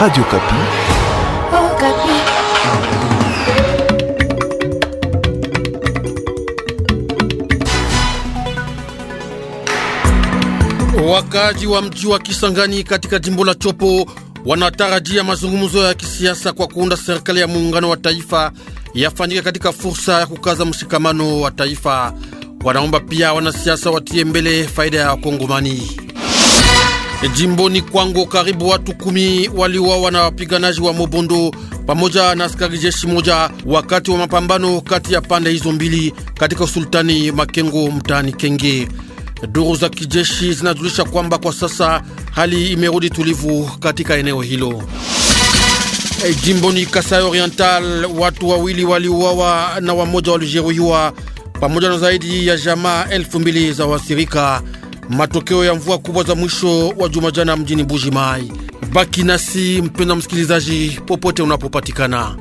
Radio Kapi. Oh, Kapi. Wakaaji wa mji wa Kisangani katika jimbo la Chopo wanatarajia mazungumzo ya kisiasa kwa kuunda serikali ya muungano wa taifa yafanyike katika fursa ya kukaza mshikamano wa taifa. Wanaomba pia wanasiasa watie mbele faida ya Wakongomani. E, jimboni Kwango, karibu watu kumi waliuawa na wapiganaji wa Mobondo pamoja na askari jeshi moja wakati wa mapambano kati ya pande hizo mbili katika usultani Makengo mtaani Kenge. Duru za kijeshi zinajulisha kwamba kwa sasa hali imerudi tulivu katika eneo hilo. E, jimboni Kasai Oriental watu wawili waliuawa na wamoja walijeruhiwa pamoja na zaidi ya jamaa elfu mbili za wasirika matokeo ya mvua kubwa za mwisho wa juma jana mjini buji mai Baki nasi mpenda msikilizaji, popote unapopatikana.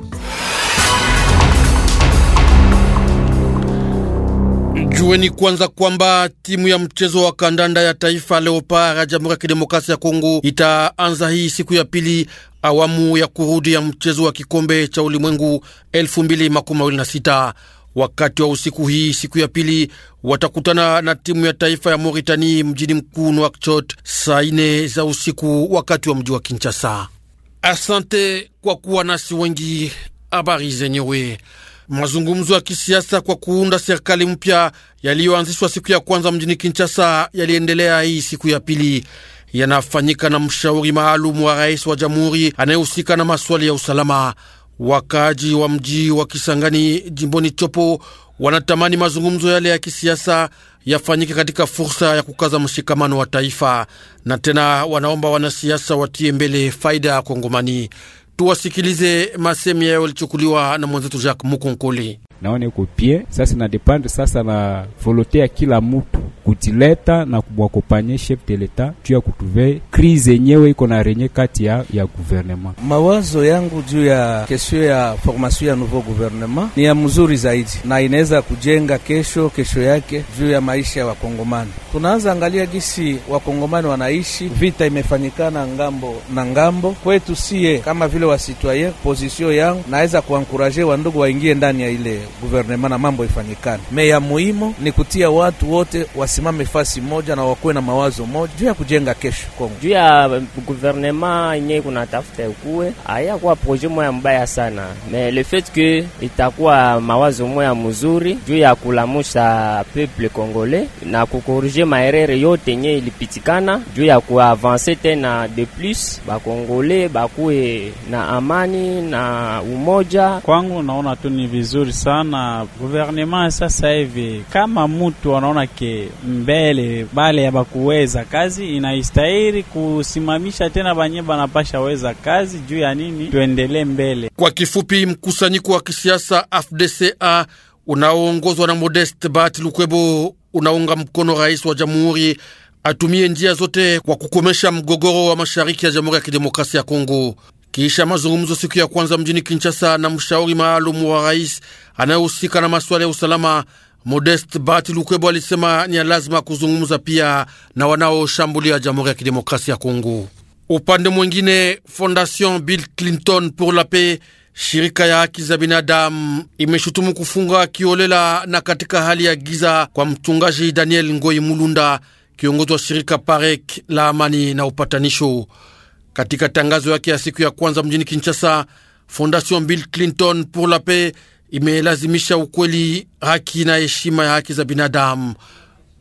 Jueni kwanza kwamba timu ya mchezo wa kandanda ya taifa Leopard ya Jamhuri ya Kidemokrasia ya Kongo itaanza hii siku ya pili awamu ya kurudi ya mchezo wa kikombe cha ulimwengu 226 Wakati wa usiku hii siku ya pili watakutana na timu ya taifa ya moritani mjini mkuu Nouakchott saa ine za usiku wakati wa mji wa Kinshasa. Asante kwa kuwa nasi wengi. Habari zenyewe mazungumzo ya kisiasa kwa kuunda serikali mpya yaliyoanzishwa siku ya kwanza mjini Kinshasa yaliendelea hii siku ya pili, yanafanyika na mshauri maalum wa rais wa jamhuri anayehusika na maswali ya usalama. Wakaaji wa mji wa Kisangani jimboni Chopo wanatamani mazungumzo yale ya kisiasa yafanyike katika fursa ya kukaza mshikamano wa taifa, na tena wanaomba wanasiasa watie mbele faida ya Kongomani. Tuwasikilize masemi yayo yalichukuliwa na mwenzetu Jacques Mukonkoli naona iko pie sasa, na depend sasa na volonte ya kila mtu kutileta na kubwakopanye chef de l'etat juu ya kutuve krize yenyewe iko na renye kati ya, ya gouvernement. Mawazo yangu juu ya kesho ya formation ya nouveau gouvernement ni ya mzuri zaidi na inaweza kujenga kesho kesho yake juu ya maisha ya wa wakongomani. Tunaanza angalia gisi wakongomani wanaishi, vita imefanyikana ngambo na ngambo kwetu, sie kama vile wasitwaye position yangu naweza kuankuraje wandugu waingie ndani ya ile guvernema na mambo ifanyikane. Me ya muhimu ni kutia watu wote wasimame fasi moja na wakuwe na mawazo moja juu ya kujenga kesho Kongo. Juu ya guvernema yenye kuna tafuta ikuwe hayakuwa proje moya mbaya sana, me le fait que itakuwa mawazo moya mzuri juu ya kulamusha peuple congolais na kukorije maerere yote yenye ilipitikana juu ya kuavanse tena de plus bakongole bakuwe na amani na umoja. Kwangu naona tu ni vizuri sana maana guvernema sasa hivi kama mtu anaona ke mbele bale ya bakuweza kazi inaistahili kusimamisha tena banye banapasha weza kazi juu ya nini tuendelee mbele. Kwa kifupi, mkusanyiko wa kisiasa AFDCA unaoongozwa na Modeste Bat Lukwebo unaunga mkono rais wa jamhuri atumie njia zote kwa kukomesha mgogoro wa mashariki ya Jamhuri ya Kidemokrasia ya Kongo. Kisha mazungumzo siku ya kwanza mjini Kinshasa na mshauri maalumu wa rais anayehusika na masuala ya usalama, Modest bat Lukwebo alisema ni lazima kuzungumza pia na wanaoshambulia Jamhuri ya Kidemokrasia ya Kongo. Upande mwingine, Fondation Bill Clinton pour la Paix, shirika ya haki za binadamu, imeshutumu kufunga kiolela na katika hali ya giza kwa mchungaji Daniel Ngoi Mulunda, kiongozi wa shirika Parek la amani na upatanisho. Katika tangazo yake ya siku ya kwanza mjini Kinshasa, Fondation Bill Clinton pour la Paix imelazimisha ukweli, haki na heshima ya haki za binadamu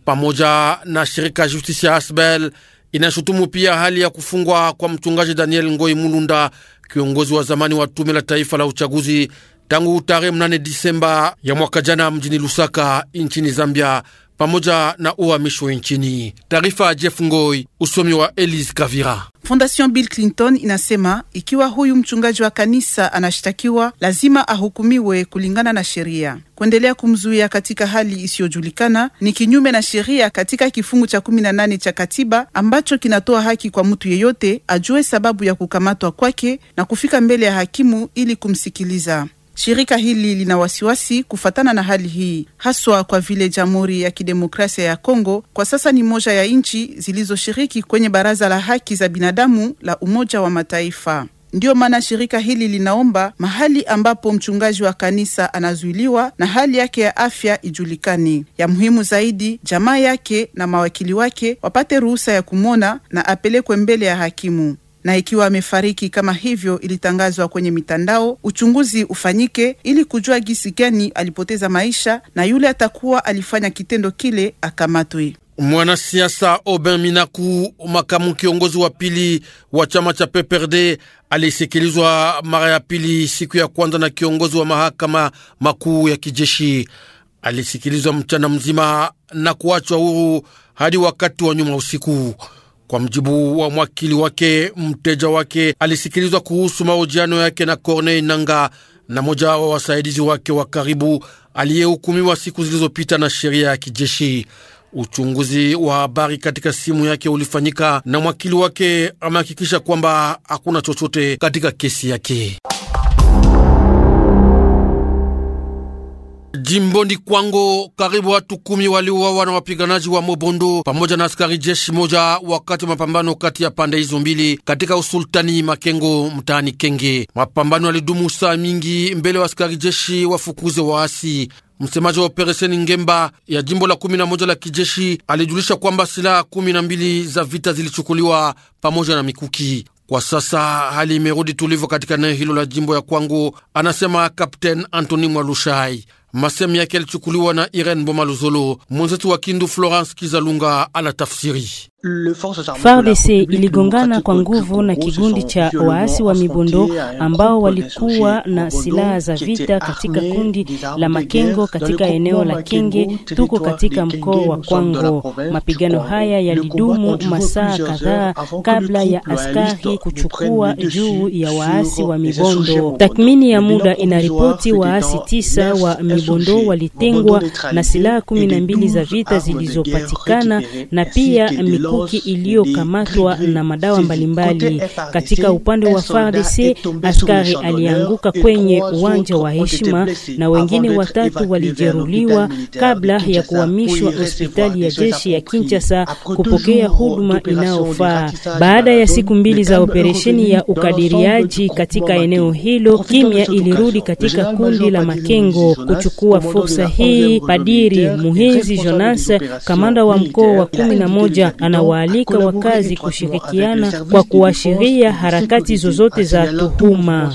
pamoja na shirika Justice ya Asbel inashutumu pia hali ya kufungwa kwa mchungaji Daniel Ngoi Mulunda, kiongozi wa zamani wa tume la taifa la uchaguzi tangu tarehe 8 Disemba ya mwaka jana mjini Lusaka nchini Zambia pamoja na uhamisho nchini. Taarifa ya Jeff Ngoi, usomi wa Elise Gavira. Fondation Bill Clinton inasema ikiwa huyu mchungaji wa kanisa anashtakiwa, lazima ahukumiwe kulingana na sheria. Kuendelea kumzuia katika hali isiyojulikana ni kinyume na sheria katika kifungu cha 18 cha katiba ambacho kinatoa haki kwa mtu yeyote ajue sababu ya kukamatwa kwake na kufika mbele ya hakimu ili kumsikiliza. Shirika hili lina wasiwasi kufatana na hali hii, haswa kwa vile Jamhuri ya Kidemokrasia ya Kongo kwa sasa ni moja ya nchi zilizoshiriki kwenye Baraza la Haki za Binadamu la Umoja wa Mataifa. Ndiyo maana shirika hili linaomba mahali ambapo mchungaji wa kanisa anazuiliwa na hali yake ya afya ijulikane. Ya muhimu zaidi, jamaa yake na mawakili wake wapate ruhusa ya kumwona na apelekwe mbele ya hakimu na ikiwa amefariki kama hivyo ilitangazwa kwenye mitandao, uchunguzi ufanyike ili kujua gisi gani alipoteza maisha na yule atakuwa alifanya kitendo kile akamatwe. Mwanasiasa Aubin Minaku, makamu kiongozi wa pili wa chama cha PPRD, alisikilizwa mara ya pili siku ya kwanza na kiongozi wa mahakama makuu ya kijeshi. Alisikilizwa mchana mzima na kuachwa huru hadi wakati wa nyuma usiku. Kwa mjibu wa mwakili wake, mteja wake alisikilizwa kuhusu mahojiano yake na Corneille Nanga na moja wa wasaidizi wake wa karibu aliyehukumiwa siku zilizopita na sheria ya kijeshi. Uchunguzi wa habari katika simu yake ulifanyika na mwakili wake amehakikisha kwamba hakuna chochote katika kesi yake. Jimboni Kwango karibu watu kumi waliuawa na wapiganaji wa Mobondo pamoja na askari jeshi moja wakati wa mapambano kati ya pande hizo mbili katika usultani Makengo mtaani Kenge. Mapambano yalidumu saa mingi mbele wa askari jeshi wafukuze waasi. Msemaji wa operesheni Ngemba ya jimbo la 11 la kijeshi alijulisha kwamba silaha mbili za vita zilichukuliwa pamoja na mikuki. Kwa sasa hali imerudi tulivu katika eneo hilo la jimbo ya Kwango, anasema Kapten Antoni Mwalushai. Masemu yake yalichukuliwa na Irene Bomaluzolo, mwenzetu wa Kindu. Florence Kizalunga anatafsiri. FARDC iligongana kwa nguvu na kigundi cha waasi wa Mibondo ambao walikuwa na silaha za vita katika kundi la Makengo katika eneo la Kenge, tuko katika mkoa wa Kwango. Mapigano haya yalidumu masaa kadhaa kabla ya askari kuchukua juu ya waasi wa Mibondo. Takmini ya muda inaripoti waasi tisa wa Mibondo walitengwa na silaha kumi na mbili za vita zilizopatikana na pia mikuki iliyokamatwa na madawa mbalimbali. Katika upande wa FARDC, askari alianguka kwenye uwanja wa heshima na wengine watatu walijeruhiwa kabla ya kuhamishwa hospitali ya jeshi ya Kinshasa kupokea huduma inayofaa. Baada ya siku mbili za operesheni ya ukadiriaji katika eneo hilo, kimya ilirudi katika kundi la Makengo. Kuchukua fursa hii, padiri Muhinzi Jonas, kamanda wa mkoa wa kumi na moja, ana tunawaalika wakazi kushirikiana kwa kuashiria harakati zozote za tuhuma.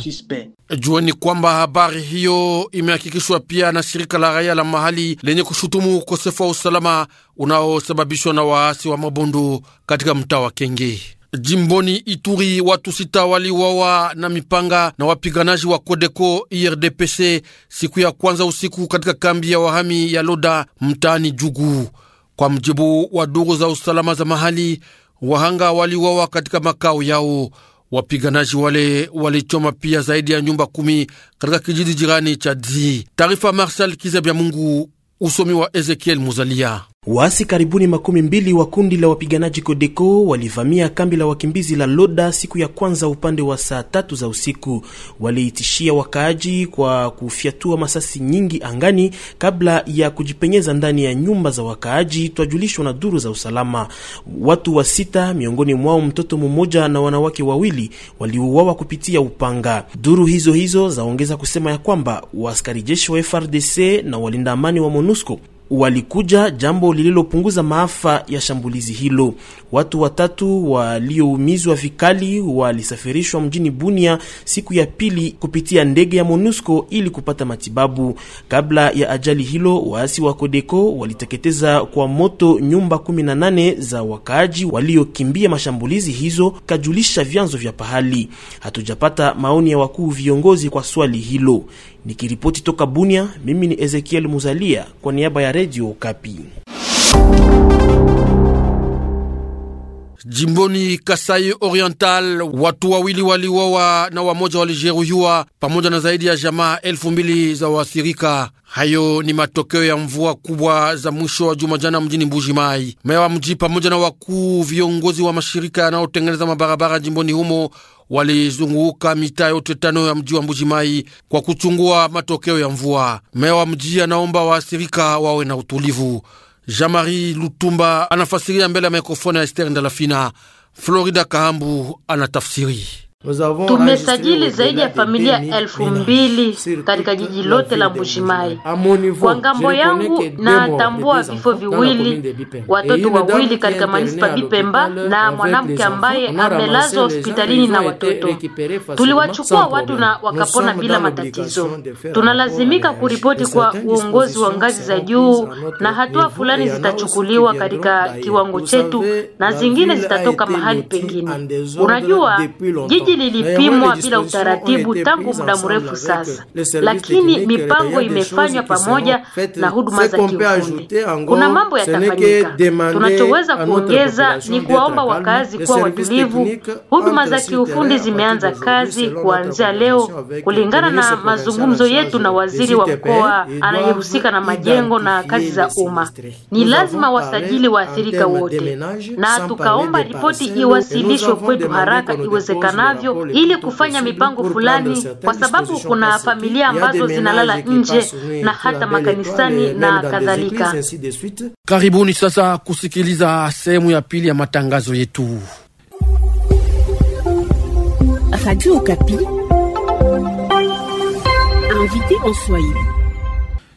Jueni kwamba habari hiyo imehakikishwa pia na shirika la raia la mahali lenye kushutumu ukosefu wa usalama unaosababishwa na waasi wa Mabondo katika mtaa wa Kenge. Jimboni Ituri, watu sita waliuawa na mipanga na wapiganaji wa Kodeko IRDPC siku ya kwanza usiku katika kambi ya wahami ya Loda mtaani Jugu. Kwa mjibu wa duru za usalama za mahali, wahanga waliwawa katika makao yao. Wapiganaji wale walichoma pia zaidi ya nyumba kumi katika kijiji jirani cha Dzi. Taarifa Marshal Kizabya Mungu, usomi wa Ezekiel Muzalia. Waasi karibuni makumi mbili wa kundi la wapiganaji Kodeko walivamia kambi la wakimbizi la Loda siku ya kwanza upande wa saa tatu za usiku. Waliitishia wakaaji kwa kufyatua masasi nyingi angani kabla ya kujipenyeza ndani ya nyumba za wakaaji, twajulishwa na duru za usalama. Watu wa sita, miongoni mwao mtoto mmoja na wanawake wawili, waliuawa kupitia upanga. Duru hizo hizo zaongeza kusema ya kwamba waaskari jeshi wa FRDC na walinda amani wa MONUSCO walikuja, jambo lililopunguza maafa ya shambulizi hilo. Watu watatu walioumizwa vikali walisafirishwa mjini Bunia siku ya pili kupitia ndege ya MONUSCO ili kupata matibabu. Kabla ya ajali hilo, waasi wa Kodeko waliteketeza kwa moto nyumba 18 za wakaaji waliokimbia mashambulizi hizo, kajulisha vyanzo vya pahali. Hatujapata maoni ya wakuu viongozi kwa swali hilo. Nikiripoti toka Bunia, mimi ni Ezekiel Muzalia kwa niaba ya Redio Kapi. Jimboni Kasai Oriental watu wawili waliuawa na wamoja walijeruhiwa pamoja na zaidi ya jamaa elfu mbili za waathirika. Hayo ni matokeo ya mvua kubwa za mwisho wa juma jana mjini Mbuji Mai. Meya wa mji pamoja na wakuu viongozi wa mashirika yanayotengeneza mabarabara jimboni humo walizunguka mitaa yote tano ya mji wa Mbujimai kwa kuchungua matokeo ya mvua. Meya wa mji anaomba waathirika wawe na utulivu. Jean-Marie Lutumba anafasiria mbele ya mikrofoni ya ester Ndalafina. Florida Kahambu anatafsiri. Tumesajili zaidi ya familia elfu mbili katika jiji lote la Mbushimai. Kwa ngambo yangu natambua vifo viwili, watoto wawili katika manispa Bipemba na mwanamke ambaye amelazwa hospitalini na watoto. Tuliwachukua watu na wakapona bila matatizo. Tunalazimika kuripoti kwa uongozi wa ngazi za juu, na hatua fulani zitachukuliwa katika kiwango chetu na zingine zitatoka mahali pengine. Unajua jiji hili lilipimwa bila utaratibu tangu muda mrefu sasa, euh, lakini euh, mipango imefanywa pamoja na huduma za kiufundi. Kuna mambo yatafanyika. Tunachoweza kuongeza ni kuwaomba wakazi kuwa watulivu. Huduma za kiufundi zimeanza kazi kuanzia leo, euh, kulingana na mazungumzo yetu na waziri wa mkoa anayehusika na majengo na kazi za umma. Ni lazima wasajili waathirika wote, na tukaomba ripoti iwasilishwe kwetu haraka iwezekanavyo hivyo ili kufanya mipango fulani, kwa sababu kuna familia ambazo zinalala nje na hata makanisani na kadhalika. Karibuni sasa kusikiliza sehemu ya pili ya matangazo yetu. Radio Okapi, invité en Swahili.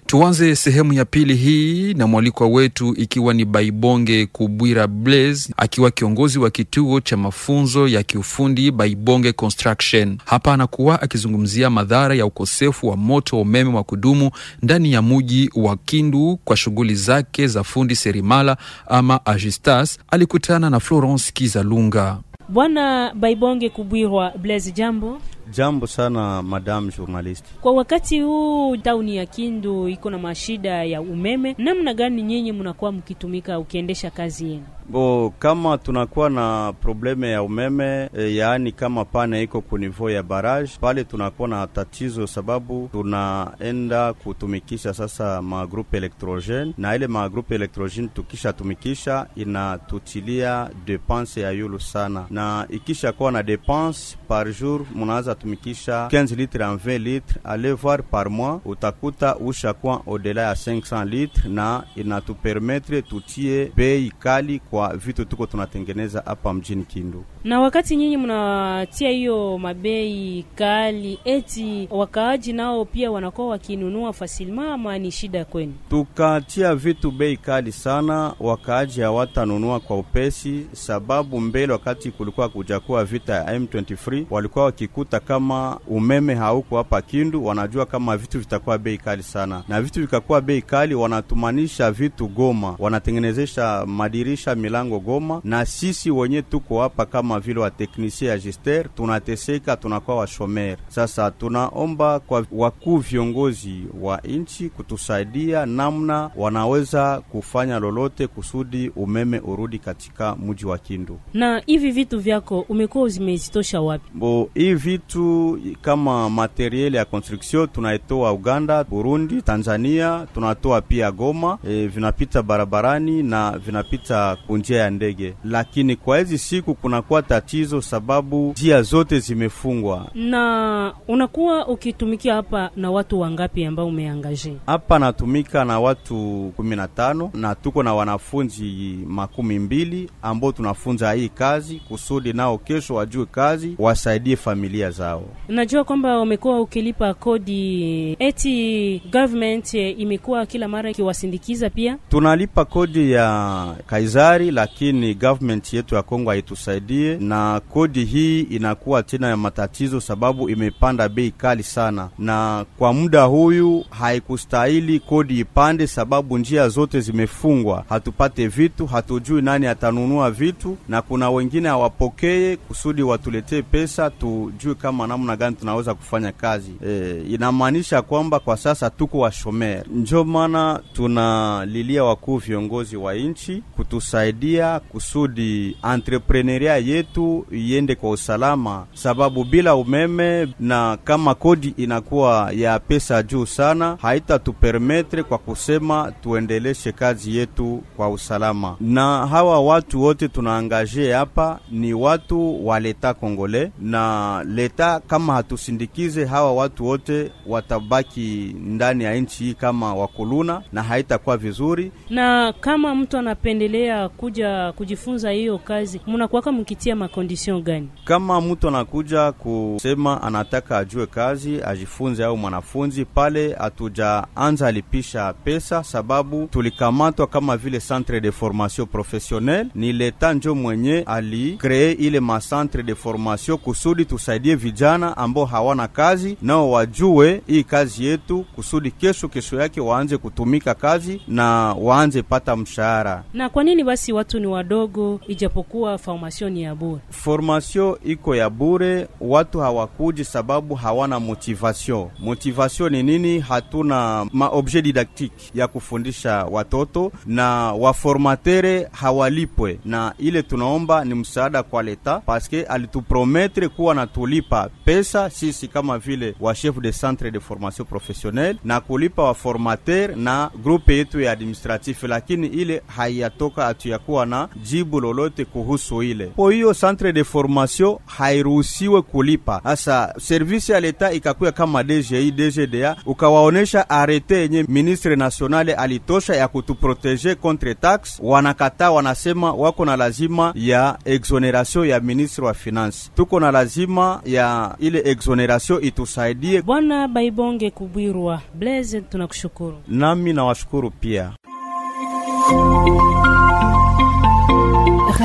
Tuanze sehemu ya pili hii na mwalikwa wetu ikiwa ni Baibonge Kubwira Blaze, akiwa kiongozi wa kituo cha mafunzo ya kiufundi Baibonge Construction. Hapa anakuwa akizungumzia madhara ya ukosefu wa moto wa umeme wa kudumu ndani ya muji wa Kindu kwa shughuli zake za fundi serimala ama ajistas. Alikutana na Florence Kizalunga. Bwana Baibonge Kubwirwa Blaze, jambo. Jambo sana madam journalist. Kwa wakati huu tauni ya Kindu iko na mashida ya umeme, namna gani nyinyi mnakuwa mkitumika ukiendesha kazi yenu? Bo, kama tunakuwa na probleme ya umeme e, yaani kama pane iko kunivou ya barrage pale tunakuwa na tatizo, sababu tunaenda kutumikisha sasa magrupe elektrogene na ile magrupe elektrogene tukishatumikisha inatutilia depense ya yulu sana, na ikisha kuwa na depense par jour munaanza tumikisha 15 litre en 20 litre voir par mois, utakuta ushakuwa odela ya 500 litre na inatupermetre tutie bei kali kwa kwa vitu tuko tunatengeneza hapa mjini Kindu. Na wakati nyinyi mnatia hiyo mabei kali, eti wakaaji nao pia wanakuwa wakinunua fasilma, ama ni shida kwenu? Tukatia vitu bei kali sana, wakaaji hawatanunua kwa upesi, sababu mbele wakati kulikuwa kujakuwa vita ya M23 walikuwa wakikuta kama umeme hauko hapa Kindu, wanajua kama vitu vitakuwa bei kali sana, na vitu vikakuwa bei kali, wanatumanisha vitu Goma, wanatengenezesha madirisha milango Goma, na sisi wenye tuko hapa kama vile wateknisie ya gister tunateseka, tunakuwa washomeri. Sasa tunaomba kwa wakuu viongozi wa nchi kutusaidia namna wanaweza kufanya lolote kusudi umeme urudi katika mji wa Kindu. Na hivi vitu vyako umekuwa umezitosha wapi? Bo, hivi vitu kama materiel ya construction tunaitoa Uganda, Burundi, Tanzania, tunatoa pia Goma. E, vinapita barabarani na vinapita ku kunjia ya ndege, lakini kwa hizi siku kunakuwa tatizo sababu njia zote zimefungwa. Na unakuwa ukitumikia hapa na watu wangapi ambao umeangaje? Hapa natumika na watu kumi na tano na tuko na wanafunzi makumi mbili ambao tunafunza hii kazi kusudi nao kesho wajue kazi, wasaidie familia zao. Najua kwamba wamekuwa ukilipa kodi, eti government imekuwa kila mara ikiwasindikiza pia. Tunalipa kodi ya Kaisari hatari, lakini government yetu ya Kongo haitusaidie, na kodi hii inakuwa tena ya matatizo, sababu imepanda bei kali sana, na kwa muda huyu haikustahili kodi ipande, sababu njia zote zimefungwa, hatupate vitu, hatujui nani atanunua vitu, na kuna wengine hawapokee kusudi watuletee pesa tujue kama namna gani tunaweza kufanya kazi e, inamaanisha kwamba kwa sasa tuko washomer, njo maana tunalilia wakuu viongozi wa nchi kutusaidia kutusaidia kusudi entrepreneuria yetu iende kwa usalama, sababu bila umeme na kama kodi inakuwa ya pesa juu sana, haitatupermetre kwa kusema tuendeleshe kazi yetu kwa usalama. Na hawa watu wote tunaangaje hapa ni watu wa leta Kongole na leta, kama hatusindikize hawa watu wote watabaki ndani ya nchi hii kama wakuluna, na haitakuwa vizuri. Na kama mtu anapendelea ku mnakuja kujifunza hiyo kazi, mnakuwaka mkitia makondisyon gani? Kama mtu anakuja kusema anataka ajue kazi ajifunze, au mwanafunzi pale, hatujaanza alipisha pesa, sababu tulikamatwa kama vile centre de formation professionnelle. Ni leta njo mwenye alikree ile macentre de formation kusudi tusaidie vijana ambao hawana kazi, nao wajue hii kazi yetu, kusudi kesho kesho yake waanze kutumika kazi na waanze pata mshahara. Na kwa nini basi sisi watu ni wadogo, ijapokuwa formation ni ya bure. Formation iko ya bure, watu hawakuji sababu hawana motivation motivation ni nini? Hatuna maobjet didaktike ya kufundisha watoto na waformatere hawalipwe, na ile tunaomba ni msaada kwa leta, paske alituprometre kuwa natulipa pesa sisi kama vile wa chef de centre de formation professionnelle na kulipa waformater na grupe yetu ya administratif, lakini ile haiyatoka atu hakujakuwa na jibu lolote kuhusu ile. Po hiyo centre de formation hairuhusiwe kulipa. sasa service ya leta ikakuya kama DGI DGDA, ukawaonesha arete yenye ministre nationale alitosha ya kutuproteje contre taxe, wanakataa wanasema wako na lazima ya exoneration ya ministre wa finance, tuko na lazima ya ile exoneration itusaidie. Bwana Baibonge Kubwirwa Blaise, tunakushukuru. Nami nawashukuru pia.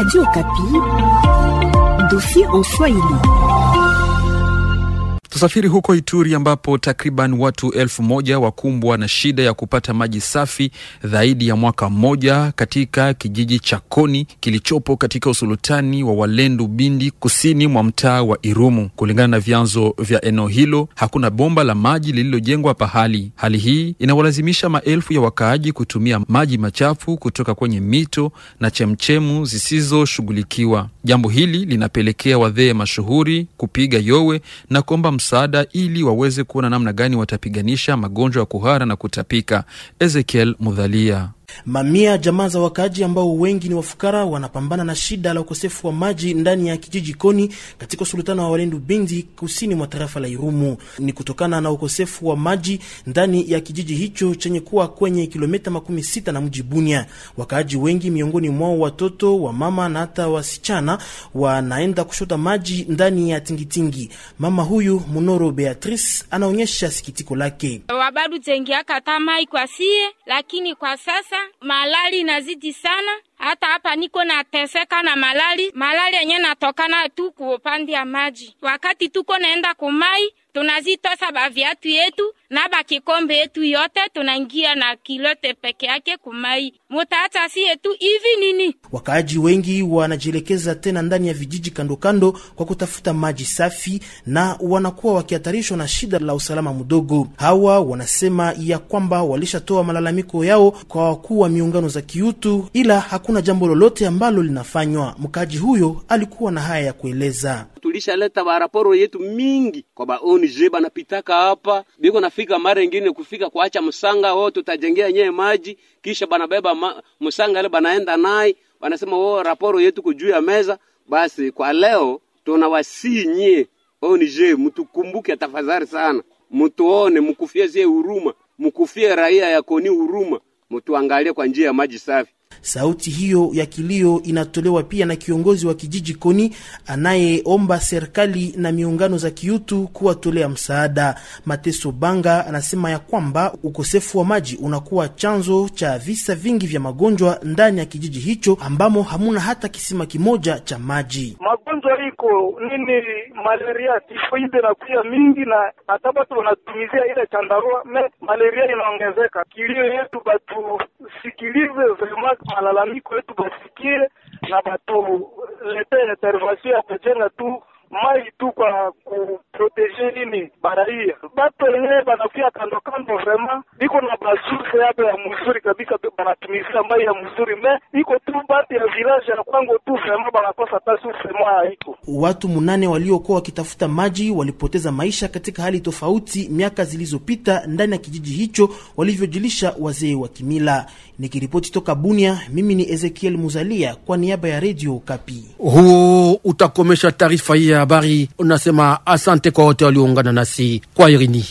Radio dossier en Swahili. Tusafiri huko Ituri ambapo takriban watu elfu moja wakumbwa na shida ya kupata maji safi zaidi ya mwaka mmoja katika kijiji cha Koni kilichopo katika usultani wa Walendu Bindi, kusini mwa mtaa wa Irumu. Kulingana na vyanzo vya eneo hilo, hakuna bomba la maji lililojengwa pahali. Hali hii inawalazimisha maelfu ya wakaaji kutumia maji machafu kutoka kwenye mito na chemchemu zisizoshughulikiwa. Jambo hili linapelekea wadhee mashuhuri kupiga yowe na kuomba msaada ili waweze kuona namna gani watapiganisha magonjwa ya kuhara na kutapika. Ezekiel Mudhalia. Mamia jamaa za wakaaji ambao wengi ni wafukara wanapambana na shida la ukosefu wa maji ndani ya kijiji Koni katika usultana wa Walendu Bindi kusini mwa tarafa la Irumu. Ni kutokana na ukosefu wa maji ndani ya kijiji hicho chenye kuwa kwenye kilomita makumi sita na mji Bunia. Wakaaji wengi, miongoni mwao watoto wa mama na hata wasichana, wanaenda kushota maji ndani ya tingitingi. Mama huyu Munoro Beatrice anaonyesha sikitiko lake. Wabadu tengiaka kwa sie, lakini kwa sasa malali inazidi sana. Hata hapa niko nateseka na malali, malali yenye natokana tu kuopandi ya maji. Wakati tuko naenda kumai, tunazitosa baviatu yetu na bakikombe yetu yote, tunaingia na kilote peke yake kumai tu hivi nini? Wakaaji wengi wanajielekeza tena ndani ya vijiji kandokando kando kwa kutafuta maji safi, na wanakuwa wakihatarishwa na shida la usalama mdogo. Hawa wanasema ya kwamba walishatoa malalamiko yao kwa wakuu wa miungano za kiutu, ila hakuna jambo lolote ambalo linafanywa. Mkaaji huyo alikuwa na haya ya kueleza. Tulishaleta baraporo yetu mingi kwa baonije banapitaka hapa biko nafika mara ingine kufika kuacha msanga wao, tutajengea nyewe maji kisha banabeba mama msangale banaenda naye wanasema wao oh, raporo yetu kujuu ya meza. Basi kwa leo tunawasii nyie ONG, oh, mtukumbuke tafadhali sana, mtuone, mkufie zie huruma, mkufie raia ya koni huruma, mtuangalie kwa njia ya maji safi. Sauti hiyo ya kilio inatolewa pia na kiongozi wa kijiji Koni anayeomba serikali na miungano za kiutu kuwatolea msaada. Mateso Banga anasema ya kwamba ukosefu wa maji unakuwa chanzo cha visa vingi vya magonjwa ndani ya kijiji hicho ambamo hamuna hata kisima kimoja cha maji. Magonjwa iko nini, malaria, tifoide na kuya mingi, na hata batu wanatumizia ile chandarua me malaria inaongezeka. Kilio yetu batusikilize vema malalamiko yetu basikie na batuletee intervention ya kujenga tu mai tu kwa kuproteje nini baraia bato wenyewe banafia kando kando, vrema iko na basurse yapo ya mzuri kabisa, banatumizia mai ya mzuri me iko tu bato ya village ya kwango tu, vrema banakosa hata surse Iko watu munane waliokuwa wakitafuta maji walipoteza maisha katika hali tofauti miaka zilizopita ndani ya kijiji hicho, walivyojilisha wazee wa kimila. Nikiripoti toka Bunia, mimi ni Ezekiel Muzalia kwa niaba ya Radio Kapi. huu utakomesha taarifa hii habari unasema asante kwa wote walioungana nasi kwa irini.